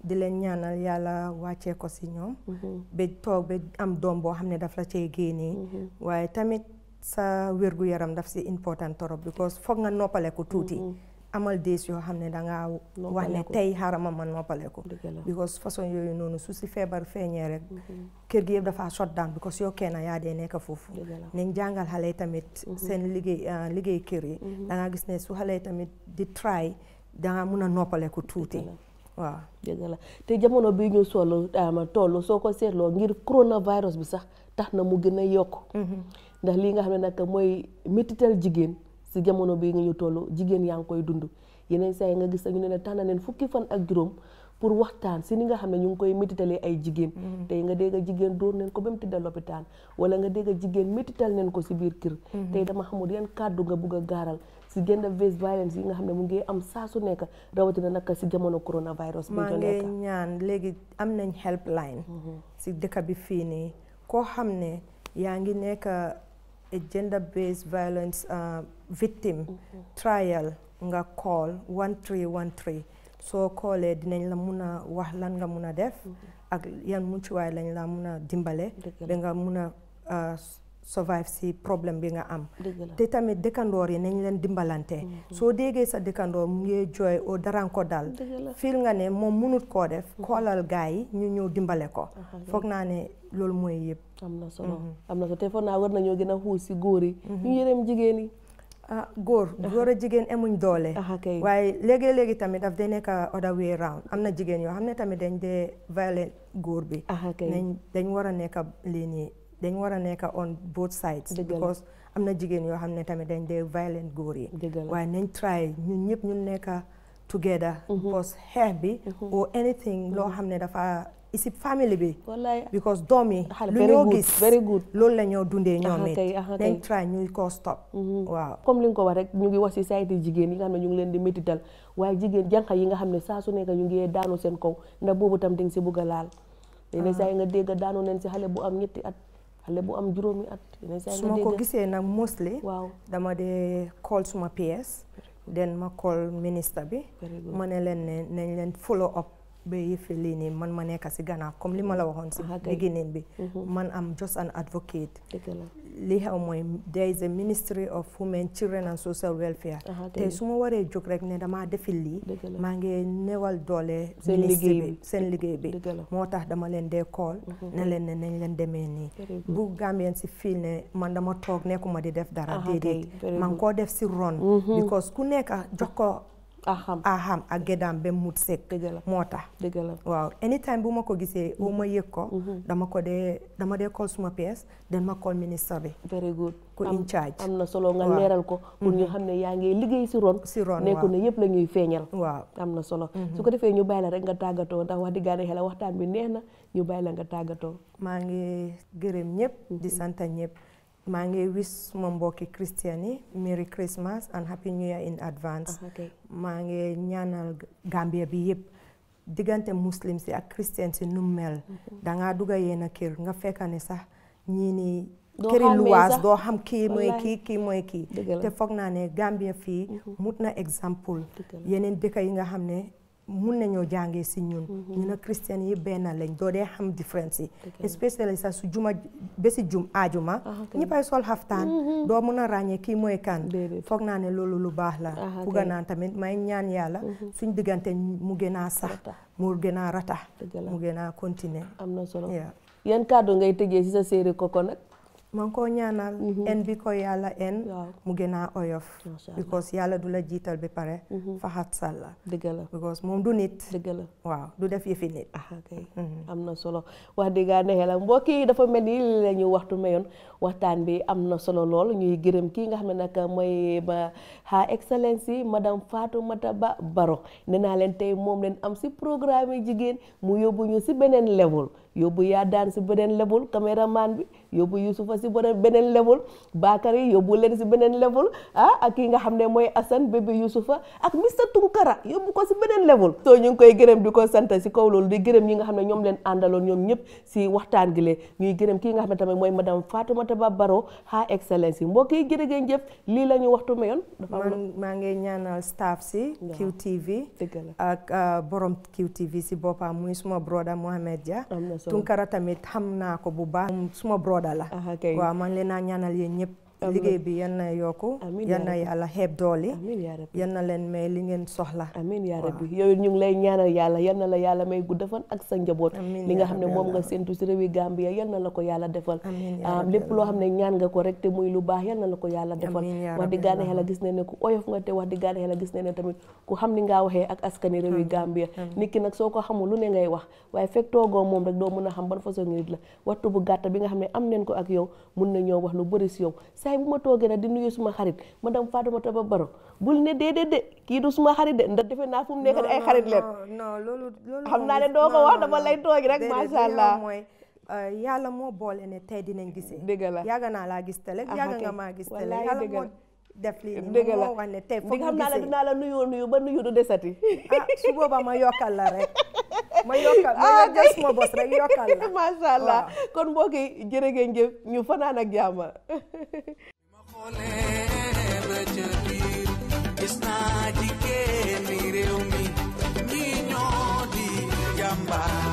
di leen ñaanal yàlla wàccee ko si ñoom mm-hmm. ba toog ba am doom boo xam ne daf la cee génnee mm-hmm. waaye tamit sa wérgu yaram daf si important torop because foog nga noppale ko tuuti mm-hmm. amal des yoo xam ne dangaa wax ne tey xarama ma noppale ko because façon yooyu noonu su si feebar feeñee rek kër gi yëpp dafa shot down because yokkee na yaa dee nekk foofu nañ jàngal xale yi tamit seen liggéey ah, liggéey kër yi dangaa gis ne su xale yi tamit di try dangaa mun a noppale tuuti waaw dëgg la te jamono bi ñu solo ama toll soo ko seetloo ngir coronavirus bi sax tax na mu gën a yokk mhm. ndax li nga xam ne nag mooy métital jigéen si jamono bi nga ñu toll jigéen yaa ngi koy dund yeneen saa yi nga gis ñu ne tànn leen fukki fan ak juróom pour waxtaan si ni nga xam ne ñu ngi koy métitalee ay jigéen mhm. tey nga dégg jigéen dóor neen ko ba mu tëdd lopitaan wala nga dégg jigéen métital neen ko si biir kër mhm. tey dama xamul yan kàddu nga bugg a si gender based violence yi nga xam ne mu ngi am saa su nekk rawatina nag si jamono coronavirus. maa ngi ñaan léegi am nañ helpline. si mm-hmm. dëkk bi fii nii koo xam ne yaa ngi nekk gender based violence uh, victim. Mm-hmm. trial nga call one three one three soo koolee dinañ la mun a wax lan nga mun a def. Mm-hmm. ak yan muccuwaay lañ laa mun a dimbale. ba nga mun a uh, survive si problème bi nga am te tamit dëkkandoor yi nañ leen dimbalante mm-hmm. soo déggee sa dëkkandoor mu ngi jooy oo dara ko dal fiil nga ne moom munut koo def koolal mm-hmm. gars yi ñu ñëw dimbale ko foog naa ne loolu mooy yëpp am na solo mm-hmm. am na solo te foog naa war nañoo gën a xuus si góor yi ñu yërëm jigéen yi ah góor góor a jigéen amuñ doole waaye léegi-léegi tamit daf dee nekk other way round am na jigéen yoo xam ne tamit dañ dee violent góor bi nañ dañ war a nekk lii dañ war a nekk on both sides because am na jigéen yoo xam ne tamit dañ dee violent góor yi waaye nañ try ñun ñëpp ñun nekka together mm-hmm. because xeex bi mm-hmm. or loo mm-hmm. xam ne dafa isib family bi because doom yi lu ñoo gis loolu la ñoo dundee ñoom it nañ try ñuy ko stop waaw comme li ñu ko wax rek ñu ngi wax si société jigéen yi nga xam ne ñu ngi leen di métital waaye jigéen jànq yi nga xam ne saa su nekk ñu ngi daanu seen kow ndax boobu tam dañ si bugg a laal léeg-léeg ah. saa yi nga dégg daanu neen si xale bu am ñetti at xale bu am juróomi at. su ma ko gisee nag mostly. waaw dama de call suma PS. den ma call ministre bi. ma ne leen ne nañ leen follow up. ba yëfe lii nii man ma nekk si ganaar comme li ma la waxoon si ah, beginning bi mhm. man am just an advocate li xew mooy there is a ministry of women children and social welfare ah, te su ma waree jóg rek ne damaa defil lii maa ngi newal doole ministry bi seen liggéey bi moo tax dama leen dee call mhm. ne leen ne nañ leen demee nii bu gambien si fii ne man dama toog nekkuma di def dara déedéet man koo def si ron mhm. because ku nekk jox ko axam axam ak gédaam ba mut la moo tax dëgg la waaw anytime bu ma ko gisee bu ma yëg ko mhm. dama ko dee dama dee call suma pees dan ma call ministre bi very good ko in charge am na solo nga leeral ko pour ñu mhm. xam ne yaa ngi liggéey si ron si ron nekku ne yëpp la ñuy feeñal waaw am na solo mhm. su ko defee ñu bàyyi la rek nga tàggatoo ndax wax diggaane xel waxtaan bi neex na ñu bàyyi la nga tàggatoo maa ngi gërëm ñëpp di sant ñëpp maa ngi wis suma mbokki christian yi merry christmas and happy new year in advance ah, maa ngi ñaanal Gambia bi yëpp diggante muslim si ak christian si nu mel mhm. dangaa dugga yéen a kër nga fekka ne sax ñii ni këri luwaas doo xam kii mooy kii kii mooy kii te foog naa ne Gambia fii mhm. mut na exemple yeneen dëkk yi nga xam ne mun nañoo jàngee si ñun mhm. ñu ne christian yi benn lañ doo dee xam différence yi especially sax su juma bési jum aajuma ñëppay ah, sol xaftaan mhm. doo mën a ràññee kii mooy kan foog naa ne loolu lu baax la ah, bugga naan tamit may ñaan yàlla mhm. suñ diggante mu gën a sax mu gën a ratax mu gën a continuer am na solo yan kàddu ngay tëjee si sa série Koko maa ngi koo ñaanal mhm. en bi ko yàlla en mu gën oyof because yàlla du la jiital bi pare mhm. faxat sàlla dëgg la because moom du nit dëgg la waaw du def yëfi nit mhm. am na solo wax dëgg neexe la mbokk yi dafa mel ni li la waxtu mayoon waxtaan bi am na solo lool ñuy gërëm kii nga xam ne nag mooy ba ha excellence yi madame Fatoumata Bah Barrow nee leen tey moom leen am si programme yi jigéen mu yóbbu ñu si beneen level yóbbu yaa daan si beneen level caméraman bi Yobu Yusufa si benen level Bakary yobu len ci benen level ah ak yi nga xamne moy mooy Assane Yusufa ak Mr Tunkara yobu ko ci benen level. So ñu koy gërëm diko sante ci si kaw loolu di gërëm yi nga xamne ñom len andalon ñom ñep ci si waxtaan gi le ñuy gërëm ki nga xamne tamay moy madame Fatoumata ha excellence Excellency mbokk yi gëre gën jëf lii la ñu waxtu mayoon. ma ngay ñaanal staff si. QTV ak ah, borom QTV si bopam muy suma broda mohammed Dia. Tunkara tamit xamna ko bu baax suma broda Soda la. waaw man leen naa ñaanal yéen ñëpp. liggéey bi yan na yokku yan na yàlla xeeb doole yan na leen may li ngeen soxla amiin yaa rabbi yooyu ñu ngi lay ñaanal yàlla yan na la yàlla may gudd fan ak sa njaboot li nga xam ne moom nga séntu si réewi Gambia yan na la ko yàlla defal ah, lépp loo xam ne ñaan nga ko rek te muy lu baax yan na la ko yàlla defal wax di gaane xela gis ne ne ku oyof nga te wax di gaane xela gis ne ne tamit ku xam ni ngaa waxee ak askani réewi Gambia nit ki nag soo ko xamul lu ne ngay wax waaye fekk toogoo moom rek doo mën a xam ban façon nit la waxtu bu gàtt bi nga xam ne am neen ko ak yow mun na ñoo wax lu bëri si yow kay bu ma toogee na di nuyu suma xarit madame Fatoumata Ba Baro bul ne dee dee de kii du suma xarit de dee defe naa fu mu nekk ay xarit leen. non loolu loolu xam naa ne doo ko wax dama lay toogi rek macha allah mooy euh, yàlla moo boole ne tey dinañ gisee. dëgg la yàgg naa laa gis télé yàgg nga maa gis télé la moo de lii nii moom moo naa dinaa la nuyoo nuyu ba nuyu du desati. ah su ma yokkal la rek. ma yokkal ma yor ma bos rek yokkal la. macha kon mbokk yi jërë ngeen jëf ñu fanaan ak jàmm.